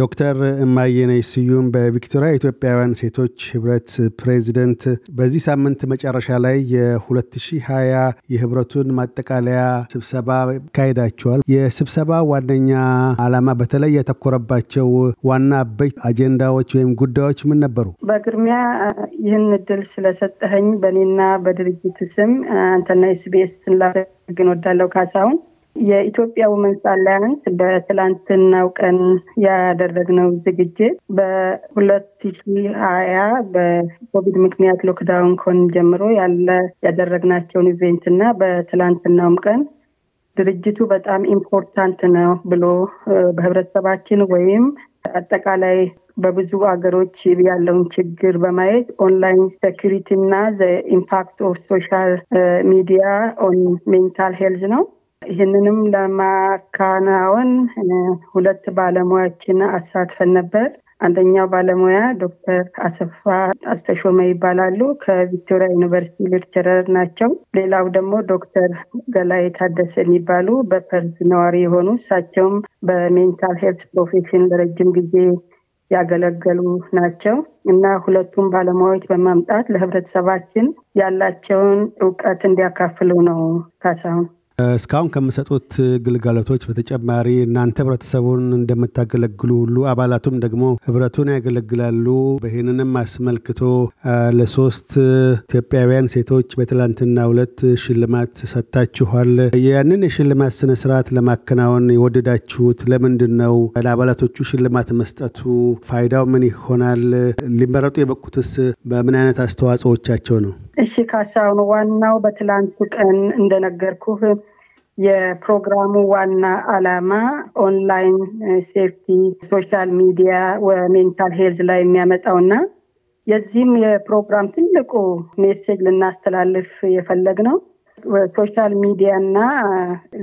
ዶክተር እማየነሽ ስዩም በቪክቶሪያ ኢትዮጵያውያን ሴቶች ህብረት ፕሬዚደንት፣ በዚህ ሳምንት መጨረሻ ላይ የ2020 የህብረቱን ማጠቃለያ ስብሰባ ካሄዳቸዋል። የስብሰባ ዋነኛ ዓላማ በተለይ ያተኮረባቸው ዋና አበይት አጀንዳዎች ወይም ጉዳዮች ምን ነበሩ? በቅድሚያ ይህን እድል ስለሰጠኸኝ በእኔና በድርጅት ስም አንተና ኤስቢኤስ ስንላግን ወዳለው ካሳሁን የኢትዮጵያ ውመንስ አላያንስ በትላንትናው ቀን ያደረግነው ዝግጅት በሁለት ሺ ሀያ በኮቪድ ምክንያት ሎክዳውን ኮን ጀምሮ ያለ ያደረግናቸውን ኢቬንት እና በትላንትናውም ቀን ድርጅቱ በጣም ኢምፖርታንት ነው ብሎ በህብረተሰባችን ወይም አጠቃላይ በብዙ አገሮች ያለውን ችግር በማየት ኦንላይን ሴኪሪቲ እና ኢምፓክት ኦፍ ሶሻል ሚዲያ ኦን ሜንታል ሄልዝ ነው ይህንንም ለማከናወን ሁለት ባለሙያዎችን አሳትፈን ነበር። አንደኛው ባለሙያ ዶክተር አሰፋ አስተሾመ ይባላሉ። ከቪክቶሪያ ዩኒቨርሲቲ ሌክቸረር ናቸው። ሌላው ደግሞ ዶክተር ገላይ ታደሰ የሚባሉ በፐርዝ ነዋሪ የሆኑ እሳቸውም በሜንታል ሄልት ፕሮፌሽን ለረጅም ጊዜ ያገለገሉ ናቸው እና ሁለቱም ባለሙያዎች በማምጣት ለህብረተሰባችን ያላቸውን እውቀት እንዲያካፍሉ ነው ካሳሁን እስካሁን ከምሰጡት ግልጋሎቶች በተጨማሪ እናንተ ህብረተሰቡን እንደምታገለግሉ ሁሉ አባላቱም ደግሞ ህብረቱን ያገለግላሉ። ይህንንም አስመልክቶ ለሶስት ኢትዮጵያውያን ሴቶች በትላንትና ሁለት ሽልማት ሰጥታችኋል። ያንን የሽልማት ስነ ስርዓት ለማከናወን የወደዳችሁት ለምንድን ነው? ለአባላቶቹ ሽልማት መስጠቱ ፋይዳው ምን ይሆናል? ሊመረጡ የበቁትስ በምን አይነት አስተዋጽኦቻቸው ነው? እሺ ካሳሁን፣ ዋናው በትላንቱ ቀን እንደነገርኩህ የፕሮግራሙ ዋና አላማ ኦንላይን ሴፍቲ፣ ሶሻል ሚዲያ ሜንታል ሄልዝ ላይ የሚያመጣው እና የዚህም የፕሮግራም ትልቁ ሜሴጅ ልናስተላልፍ የፈለግ ነው ሶሻል ሚዲያ እና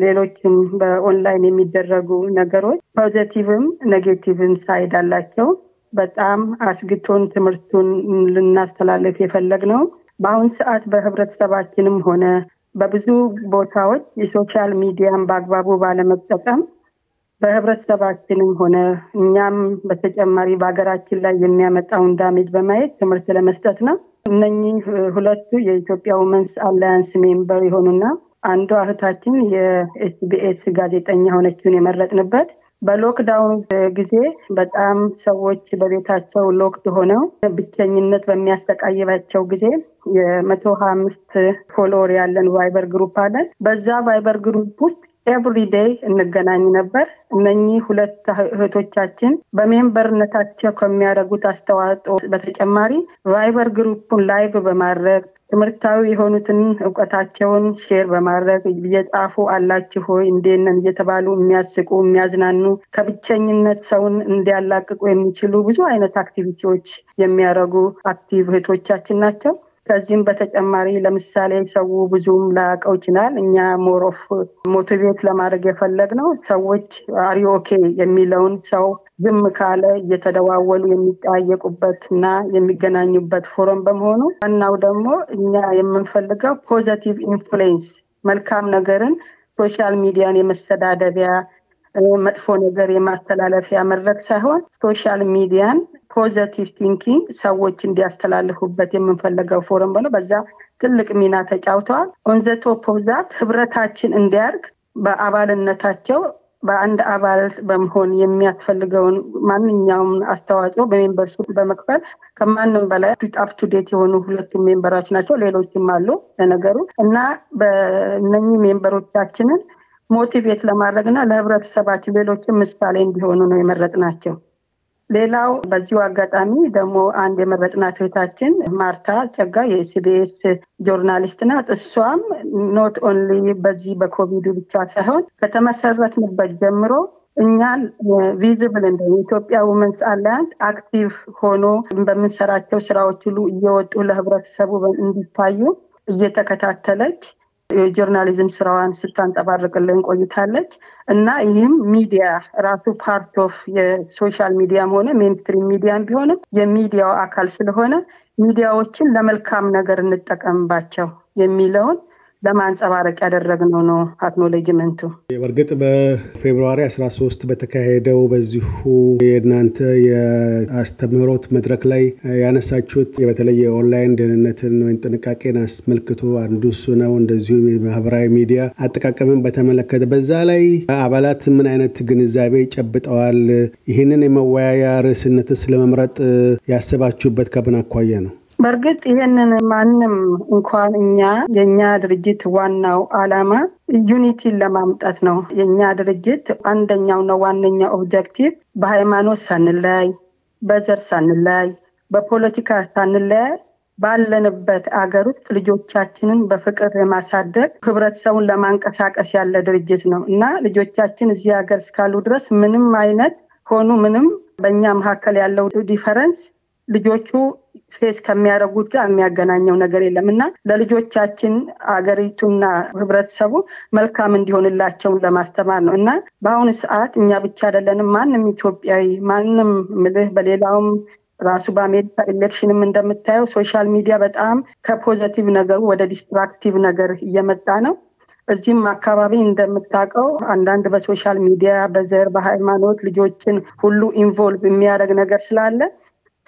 ሌሎችም በኦንላይን የሚደረጉ ነገሮች ፖዘቲቭም ኔጌቲቭም ሳይድ አላቸው። በጣም አስግቶን ትምህርቱን ልናስተላልፍ የፈለግ ነው። በአሁን ሰዓት በህብረተሰባችንም ሆነ በብዙ ቦታዎች የሶሻል ሚዲያን በአግባቡ ባለመጠቀም በህብረተሰባችንም ሆነ እኛም በተጨማሪ በሀገራችን ላይ የሚያመጣውን ዳሜጅ በማየት ትምህርት ለመስጠት ነው። እነኚህ ሁለቱ የኢትዮጵያ ውመንስ አላያንስ ሜምበር የሆኑና አንዷ እህታችን የኤስቢኤስ ጋዜጠኛ ሆነችውን የመረጥንበት በሎክዳውን ጊዜ በጣም ሰዎች በቤታቸው ሎክድ ሆነው ብቸኝነት በሚያሰቃይባቸው ጊዜ የመቶ ሀያ አምስት ፎሎወር ያለን ቫይበር ግሩፕ አለን። በዛ ቫይበር ግሩፕ ውስጥ ኤቭሪዴይ እንገናኝ ነበር። እነኚህ ሁለት እህቶቻችን በሜምበርነታቸው ከሚያደርጉት አስተዋጽኦ በተጨማሪ ቫይበር ግሩፑን ላይቭ በማድረግ ትምህርታዊ የሆኑትን እውቀታቸውን ሼር በማድረግ እየጻፉ አላችሁ ሆይ እንዴነን እየተባሉ የሚያስቁ የሚያዝናኑ ከብቸኝነት ሰውን እንዲያላቅቁ የሚችሉ ብዙ አይነት አክቲቪቲዎች የሚያደርጉ አክቲቭ እህቶቻችን ናቸው። ከዚህም በተጨማሪ ለምሳሌ ሰው ብዙም ላቀው ይችላል። እኛ ሞሮፍ ሞቲቬት ለማድረግ የፈለግ ነው ሰዎች አሪኦኬ የሚለውን ሰው ዝም ካለ እየተደዋወሉ የሚጠያየቁበት እና የሚገናኙበት ፎረም በመሆኑ ዋናው ደግሞ እኛ የምንፈልገው ፖዘቲቭ ኢንፍሉዌንስ መልካም ነገርን ሶሻል ሚዲያን የመሰዳደቢያ መጥፎ ነገር የማስተላለፊያ መድረክ ሳይሆን ሶሻል ሚዲያን ፖዘቲቭ ቲንኪንግ ሰዎች እንዲያስተላልፉበት የምንፈለገው ፎረም ብለው በዛ ትልቅ ሚና ተጫውተዋል። ኦንዘቶ ፖዛት ህብረታችን እንዲያርግ በአባልነታቸው በአንድ አባል በመሆን የሚያስፈልገውን ማንኛውም አስተዋጽኦ በሜምበርሺፕ በመክፈል ከማንም በላይ አፕቱ የሆኑ ሁለቱም ሜምበሮች ናቸው። ሌሎችም አሉ ለነገሩ እና በእነኚህ ሜምበሮቻችንን ሞቲቬት ለማድረግ እና ለህብረተሰባችን ሌሎችም ምሳሌ እንዲሆኑ ነው የመረጥ ናቸው። ሌላው በዚሁ አጋጣሚ ደግሞ አንድ የመረጥናት እህታችን ማርታ ጨጋ የኤስቢኤስ ጆርናሊስት ናት። እሷም ኖት ኦንሊ በዚህ በኮቪዱ ብቻ ሳይሆን ከተመሰረትንበት ጀምሮ እኛን ቪዚብል እንደ ኢትዮጵያ ውመንስ አላያንስ አክቲቭ ሆኖ በምንሰራቸው ስራዎች ሁሉ እየወጡ ለህብረተሰቡ እንዲታዩ እየተከታተለች የጆርናሊዝም ስራዋን ስታንጸባርቅልን ቆይታለች እና ይህም ሚዲያ ራሱ ፓርት ኦፍ የሶሻል ሚዲያም ሆነ ሜንስትሪም ሚዲያም ቢሆንም የሚዲያው አካል ስለሆነ ሚዲያዎችን ለመልካም ነገር እንጠቀምባቸው የሚለውን ለማንጸባረቅ ያደረግነው ነው አክኖሌጅመንቱ። በእርግጥ በፌብርዋሪ 13 በተካሄደው በዚሁ የእናንተ የአስተምህሮት መድረክ ላይ ያነሳችሁት በተለይ የኦንላይን ደህንነትን ወይም ጥንቃቄን አስመልክቶ አንዱ እሱ ነው። እንደዚሁም የማህበራዊ ሚዲያ አጠቃቀምን በተመለከተ በዛ ላይ አባላት ምን አይነት ግንዛቤ ጨብጠዋል? ይህንን የመወያያ ርዕስነትስ ለመምረጥ ያሰባችሁበት ከምን አኳያ ነው? በእርግጥ ይህንን ማንም እንኳን እኛ የእኛ ድርጅት ዋናው አላማ ዩኒቲን ለማምጣት ነው። የእኛ ድርጅት አንደኛውና ዋነኛው ኦብጀክቲቭ በሃይማኖት ሳንለያይ፣ በዘር ሳንለያይ፣ በፖለቲካ ሳንለያይ ባለንበት አገር ውስጥ ልጆቻችንን በፍቅር የማሳደግ ህብረተሰቡን ለማንቀሳቀስ ያለ ድርጅት ነው እና ልጆቻችን እዚህ ሀገር እስካሉ ድረስ ምንም አይነት ሆኑ ምንም በእኛ መካከል ያለው ዲፈረንስ ልጆቹ ፌስ ከሚያደርጉት ጋር የሚያገናኘው ነገር የለም እና ለልጆቻችን አገሪቱና ህብረተሰቡ መልካም እንዲሆንላቸው ለማስተማር ነው እና በአሁኑ ሰዓት እኛ ብቻ አይደለንም። ማንም ኢትዮጵያዊ ማንም ምልህ በሌላውም ራሱ በአሜሪካ ኤሌክሽንም እንደምታየው ሶሻል ሚዲያ በጣም ከፖዘቲቭ ነገሩ ወደ ዲስትራክቲቭ ነገር እየመጣ ነው። እዚህም አካባቢ እንደምታውቀው አንዳንድ በሶሻል ሚዲያ በዘር በሃይማኖት ልጆችን ሁሉ ኢንቮልቭ የሚያደርግ ነገር ስላለ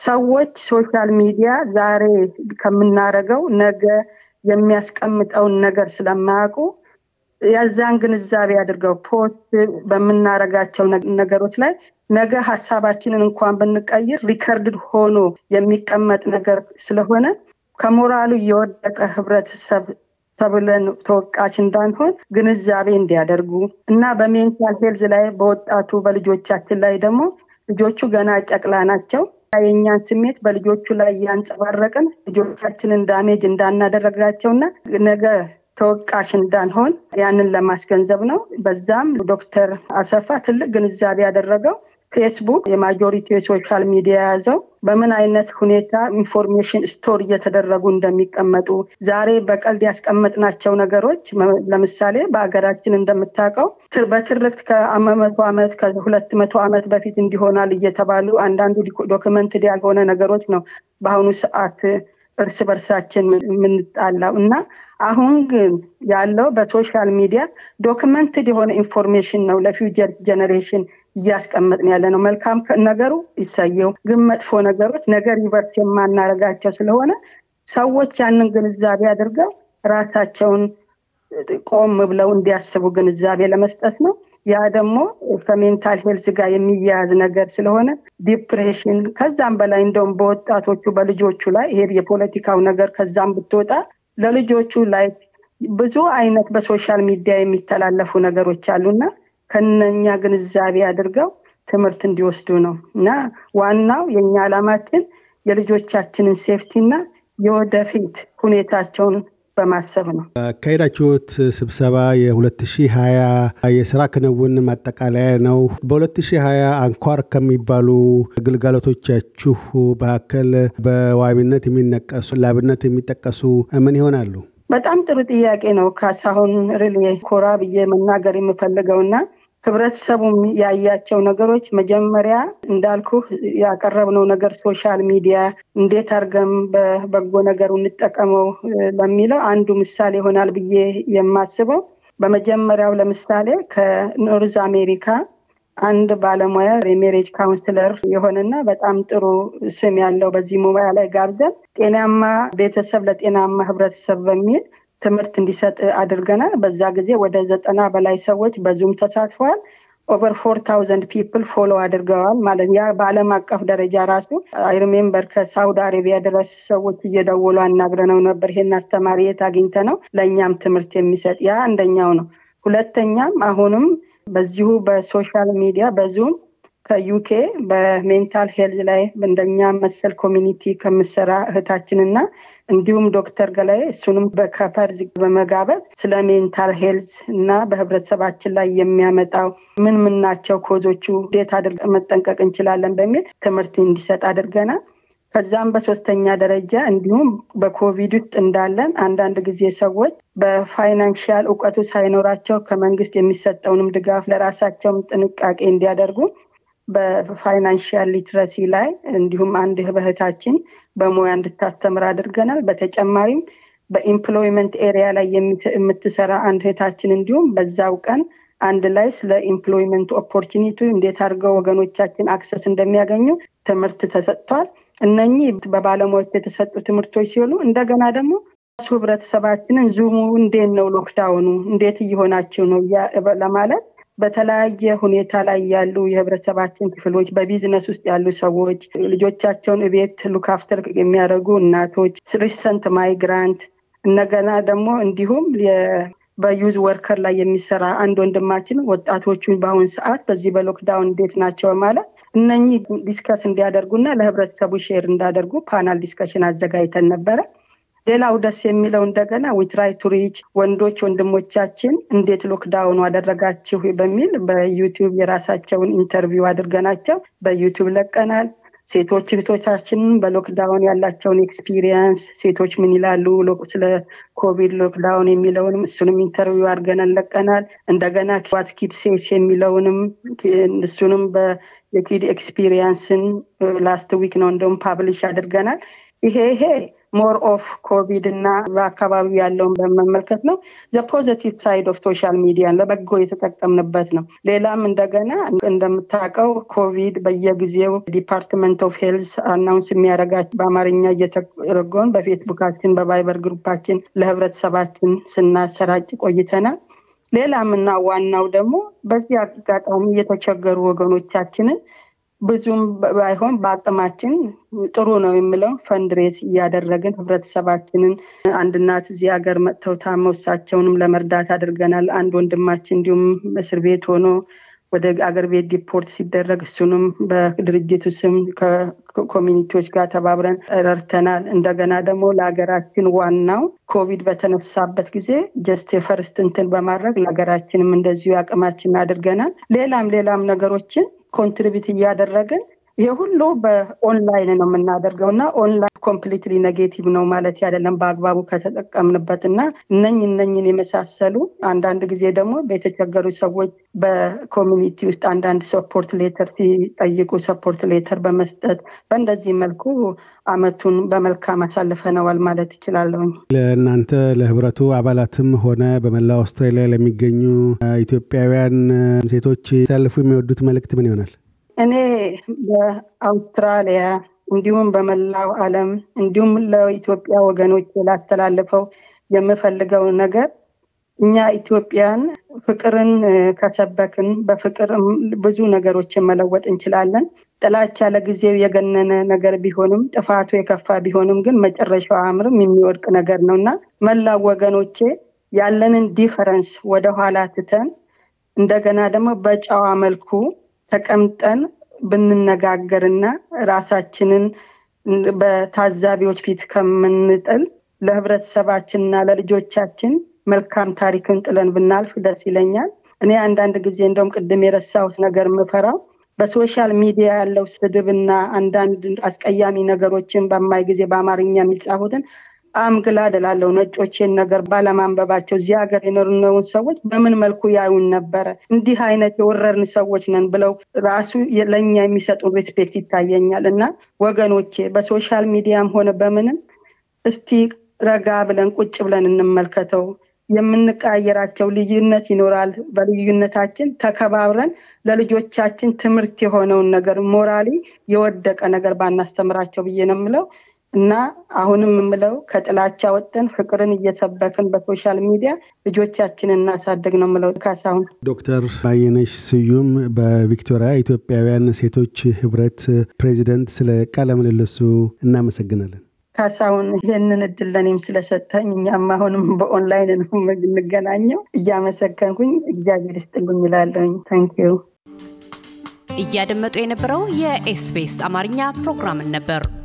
ሰዎች ሶሻል ሚዲያ ዛሬ ከምናረገው ነገ የሚያስቀምጠውን ነገር ስለማያውቁ የዛን ግንዛቤ አድርገው ፖስት በምናረጋቸው ነገሮች ላይ ነገ ሀሳባችንን እንኳን ብንቀይር ሪከርድ ሆኖ የሚቀመጥ ነገር ስለሆነ ከሞራሉ የወደቀ ህብረተሰብ ተብለን ተወቃች እንዳንሆን ግንዛቤ እንዲያደርጉ እና በሜንታል ሄልዝ ላይ በወጣቱ በልጆቻችን ላይ ደግሞ ልጆቹ ገና ጨቅላ ናቸው የእኛን ስሜት በልጆቹ ላይ እያንጸባረቅን ልጆቻችንን ዳሜጅ እንዳናደረጋቸውና ነገ ተወቃሽ እንዳንሆን ያንን ለማስገንዘብ ነው። በዛም ዶክተር አሰፋ ትልቅ ግንዛቤ ያደረገው ፌስቡክ የማጆሪቲ የሶሻል ሚዲያ የያዘው በምን አይነት ሁኔታ ኢንፎርሜሽን ስቶር እየተደረጉ እንደሚቀመጡ ዛሬ በቀልድ ያስቀመጥናቸው ነገሮች ለምሳሌ በሀገራችን እንደምታውቀው በትርክት ከአመመቶ ዓመት ከሁለት መቶ ዓመት በፊት እንዲሆናል እየተባሉ አንዳንዱ ዶክመንትድ ያልሆነ ነገሮች ነው በአሁኑ ሰዓት እርስ በርሳችን የምንጣላው እና አሁን ግን ያለው በሶሻል ሚዲያ ዶክመንትድ የሆነ ኢንፎርሜሽን ነው ለፊውቸር ጀኔሬሽን እያስቀመጥን ያለ ነው። መልካም ነገሩ ይሳየው፣ ግን መጥፎ ነገሮች ነገር ይበርት የማናረጋቸው ስለሆነ ሰዎች ያንን ግንዛቤ አድርገው ራሳቸውን ቆም ብለው እንዲያስቡ ግንዛቤ ለመስጠት ነው። ያ ደግሞ ከሜንታል ሄልዝ ጋር የሚያያዝ ነገር ስለሆነ ዲፕሬሽን፣ ከዛም በላይ እንደውም በወጣቶቹ በልጆቹ ላይ ይሄ የፖለቲካው ነገር ከዛም ብትወጣ ለልጆቹ ላይ ብዙ አይነት በሶሻል ሚዲያ የሚተላለፉ ነገሮች አሉና ከነኛ ግንዛቤ አድርገው ትምህርት እንዲወስዱ ነው እና ዋናው የኛ ዓላማችን የልጆቻችንን ሴፍቲና የወደፊት ሁኔታቸውን በማሰብ ነው። ያካሄዳችሁት ስብሰባ የ2020 የስራ ክንውን ማጠቃለያ ነው። በ2020 አንኳር ከሚባሉ ግልጋሎቶቻችሁ መካከል በዋቢነት የሚነቀሱ ላብነት የሚጠቀሱ ምን ይሆናሉ? በጣም ጥሩ ጥያቄ ነው ካሳሁን። ሪል ኮራ ብዬ መናገር የምፈልገውና ህብረተሰቡም ያያቸው ነገሮች መጀመሪያ እንዳልኩ ያቀረብነው ነገር ሶሻል ሚዲያ እንዴት አድርገን በበጎ ነገሩ እንጠቀመው ለሚለው አንዱ ምሳሌ ይሆናል ብዬ የማስበው በመጀመሪያው ለምሳሌ ከኖርዝ አሜሪካ አንድ ባለሙያ የሜሬጅ ካውንስለር የሆነና በጣም ጥሩ ስም ያለው በዚህ ሙያ ላይ ጋብዘን ጤናማ ቤተሰብ ለጤናማ ህብረተሰብ በሚል ትምህርት እንዲሰጥ አድርገናል። በዛ ጊዜ ወደ ዘጠና በላይ ሰዎች በዙም ተሳትፈዋል። ኦቨር ፎር ታውዘንድ ፒፕል ፎሎ አድርገዋል ማለት ያ በአለም አቀፍ ደረጃ ራሱ አይሪሜምበር ከሳውዲ አረቢያ ድረስ ሰዎች እየደወሉ አናግረነው ነበር። ይሄን አስተማሪ የት አግኝተ ነው ለእኛም ትምህርት የሚሰጥ ያ አንደኛው ነው። ሁለተኛም አሁንም በዚሁ በሶሻል ሚዲያ በዙም ከዩኬ በሜንታል ሄልዝ ላይ እንደኛ መሰል ኮሚኒቲ ከምሰራ እህታችንና እንዲሁም ዶክተር ገላይ እሱንም በከፐርዝ በመጋበት ስለ ሜንታል ሄልዝ እና በህብረተሰባችን ላይ የሚያመጣው ምን ምን ናቸው ኮዞቹ፣ እንዴት አድርገን መጠንቀቅ እንችላለን በሚል ትምህርት እንዲሰጥ አድርገናል። ከዛም በሶስተኛ ደረጃ እንዲሁም በኮቪድ ውስጥ እንዳለን አንዳንድ ጊዜ ሰዎች በፋይናንሽያል እውቀቱ ሳይኖራቸው ከመንግስት የሚሰጠውንም ድጋፍ ለራሳቸውም ጥንቃቄ እንዲያደርጉ በፋይናንሽያል ሊትረሲ ላይ እንዲሁም አንድ ህበህታችን በሙያ እንድታስተምር አድርገናል። በተጨማሪም በኢምፕሎይመንት ኤሪያ ላይ የምትሰራ አንድ እህታችን እንዲሁም በዛው ቀን አንድ ላይ ስለ ኢምፕሎይመንት ኦፖርቹኒቲ እንዴት አድርገው ወገኖቻችን አክሰስ እንደሚያገኙ ትምህርት ተሰጥቷል። እነኚህ በባለሙያዎች የተሰጡ ትምህርቶች ሲሆኑ እንደገና ደግሞ ሱ ህብረተሰባችንን ዙሙ እንዴት ነው ሎክዳውኑ እንዴት እየሆናቸው ነው ለማለት በተለያየ ሁኔታ ላይ ያሉ የህብረተሰባችን ክፍሎች፣ በቢዝነስ ውስጥ ያሉ ሰዎች፣ ልጆቻቸውን እቤት ሉካፍተር የሚያደርጉ እናቶች፣ ሪሰንት ማይግራንት እንደገና ደግሞ እንዲሁም በዩዝ ወርከር ላይ የሚሰራ አንድ ወንድማችን ወጣቶቹን በአሁን ሰዓት በዚህ በሎክዳውን እንዴት ናቸው ማለት እነኚህ ዲስከስ እንዲያደርጉና ለህብረተሰቡ ሼር እንዳደርጉ ፓናል ዲስከሽን አዘጋጅተን ነበረ። ሌላው ደስ የሚለው እንደገና ዊትራይ ቱሪች ወንዶች ወንድሞቻችን እንዴት ሎክዳውኑ አደረጋችሁ በሚል በዩቲዩብ የራሳቸውን ኢንተርቪው አድርገናቸው በዩቲዩብ ለቀናል። ሴቶች እህቶቻችንን በሎክዳውን ያላቸውን ኤክስፒሪየንስ ሴቶች ምን ይላሉ ስለ ኮቪድ ሎክዳውን የሚለውንም እሱንም ኢንተርቪው አድርገን ለቀናል። እንደገና ዋት ኪድ ሴስ የሚለውንም እሱንም የኪድ ኤክስፒሪየንስን ላስት ዊክ ነው እንደውም ፓብሊሽ አድርገናል። ይሄ ይሄ ሞር ኦፍ ኮቪድ እና በአካባቢው ያለውን በመመልከት ነው። ፖዘቲቭ ሳይድ ኦፍ ሶሻል ሚዲያ ለበጎ የተጠቀምንበት ነው። ሌላም እንደገና እንደምታውቀው ኮቪድ በየጊዜው ዲፓርትመንት ኦፍ ሄልስ አናውንስ የሚያደርጋቸው በአማርኛ እየተረጎን በፌስቡካችን በቫይበር ግሩፓችን ለህብረተሰባችን ስናሰራጭ ቆይተናል። ሌላም እና ዋናው ደግሞ በዚህ አጋጣሚ የተቸገሩ ወገኖቻችንን ብዙም ባይሆን በአቅማችን ጥሩ ነው የምለው ፈንድሬስ እያደረግን ህብረተሰባችንን አንድ እናት እዚህ ሀገር መጥተው ታመው እሳቸውንም ለመርዳት አድርገናል። አንድ ወንድማችን እንዲሁም እስር ቤት ሆኖ ወደ አገር ቤት ዲፖርት ሲደረግ እሱንም በድርጅቱ ስም ከኮሚኒቲዎች ጋር ተባብረን ረድተናል። እንደገና ደግሞ ለሀገራችን ዋናው ኮቪድ በተነሳበት ጊዜ ጀስት የፈርስት እንትን በማድረግ ለሀገራችንም እንደዚሁ አቅማችን አድርገናል። ሌላም ሌላም ነገሮችን ኮንትሪቢት እያደረግን ይሄ ሁሉ በኦንላይን ነው የምናደርገው እና ኦንላይን ኮምፕሊትሊ ኔጌቲቭ ነው ማለት ያደለም በአግባቡ ከተጠቀምንበት እና እነኝ እነኝን የመሳሰሉ አንዳንድ ጊዜ ደግሞ በተቸገሩ ሰዎች በኮሚኒቲ ውስጥ አንዳንድ ሰፖርት ሌተር ሲጠይቁ ሰፖርት ሌተር በመስጠት በእንደዚህ መልኩ አመቱን በመልካም አሳልፈነዋል ማለት ይችላለሁኝ። ለእናንተ ለህብረቱ አባላትም ሆነ በመላ አውስትራሊያ ለሚገኙ ኢትዮጵያውያን ሴቶች ሲያልፉ የሚወዱት መልእክት ምን ይሆናል? እኔ በአውስትራሊያ እንዲሁም በመላው ዓለም እንዲሁም ለኢትዮጵያ ወገኖች ላስተላልፈው የምፈልገው ነገር እኛ ኢትዮጵያን ፍቅርን ከሰበክን በፍቅር ብዙ ነገሮችን መለወጥ እንችላለን። ጥላቻ ለጊዜው የገነነ ነገር ቢሆንም ጥፋቱ የከፋ ቢሆንም ግን መጨረሻው አምርም የሚወድቅ ነገር ነው እና መላው ወገኖቼ ያለንን ዲፈረንስ ወደኋላ ትተን እንደገና ደግሞ በጨዋ መልኩ ተቀምጠን ብንነጋገርና ራሳችንን በታዛቢዎች ፊት ከምንጥል ለህብረተሰባችንና ለልጆቻችን መልካም ታሪክን ጥለን ብናልፍ ደስ ይለኛል። እኔ አንዳንድ ጊዜ እንደውም ቅድም የረሳሁት ነገር ምፈራው በሶሻል ሚዲያ ያለው ስድብ እና አንዳንድ አስቀያሚ ነገሮችን በማይ ጊዜ በአማርኛ የሚጻፉትን አምግላ ግላ ደላለው ነጮቼን ነገር ባለማንበባቸው እዚህ ሀገር የኖርነውን ሰዎች በምን መልኩ ያዩን ነበረ? እንዲህ አይነት የወረርን ሰዎች ነን ብለው ራሱ ለእኛ የሚሰጡን ሪስፔክት ይታየኛል። እና ወገኖቼ በሶሻል ሚዲያም ሆነ በምንም እስቲ ረጋ ብለን ቁጭ ብለን እንመልከተው። የምንቀያየራቸው ልዩነት ይኖራል። በልዩነታችን ተከባብረን ለልጆቻችን ትምህርት የሆነውን ነገር ሞራሊ የወደቀ ነገር ባናስተምራቸው ብዬ ነው የምለው። እና አሁንም የምለው ከጥላቻ ወጥተን ፍቅርን እየሰበክን በሶሻል ሚዲያ ልጆቻችንን እናሳደግ ነው የምለው። ካሳሁን ዶክተር ባየነሽ ስዩም በቪክቶሪያ ኢትዮጵያውያን ሴቶች ህብረት ፕሬዚደንት፣ ስለ ቃለ ምልልሱ እናመሰግናለን። ካሳሁን ይህንን እድል ለእኔም ስለሰጠኝ እኛም አሁንም በኦንላይን ነው የምንገናኘው። እያመሰገንኩኝ እግዚአብሔር ይስጥልኝ ይላለኝ። ታንኪዩ። እያደመጡ የነበረው የኤስቢኤስ አማርኛ ፕሮግራምን ነበር።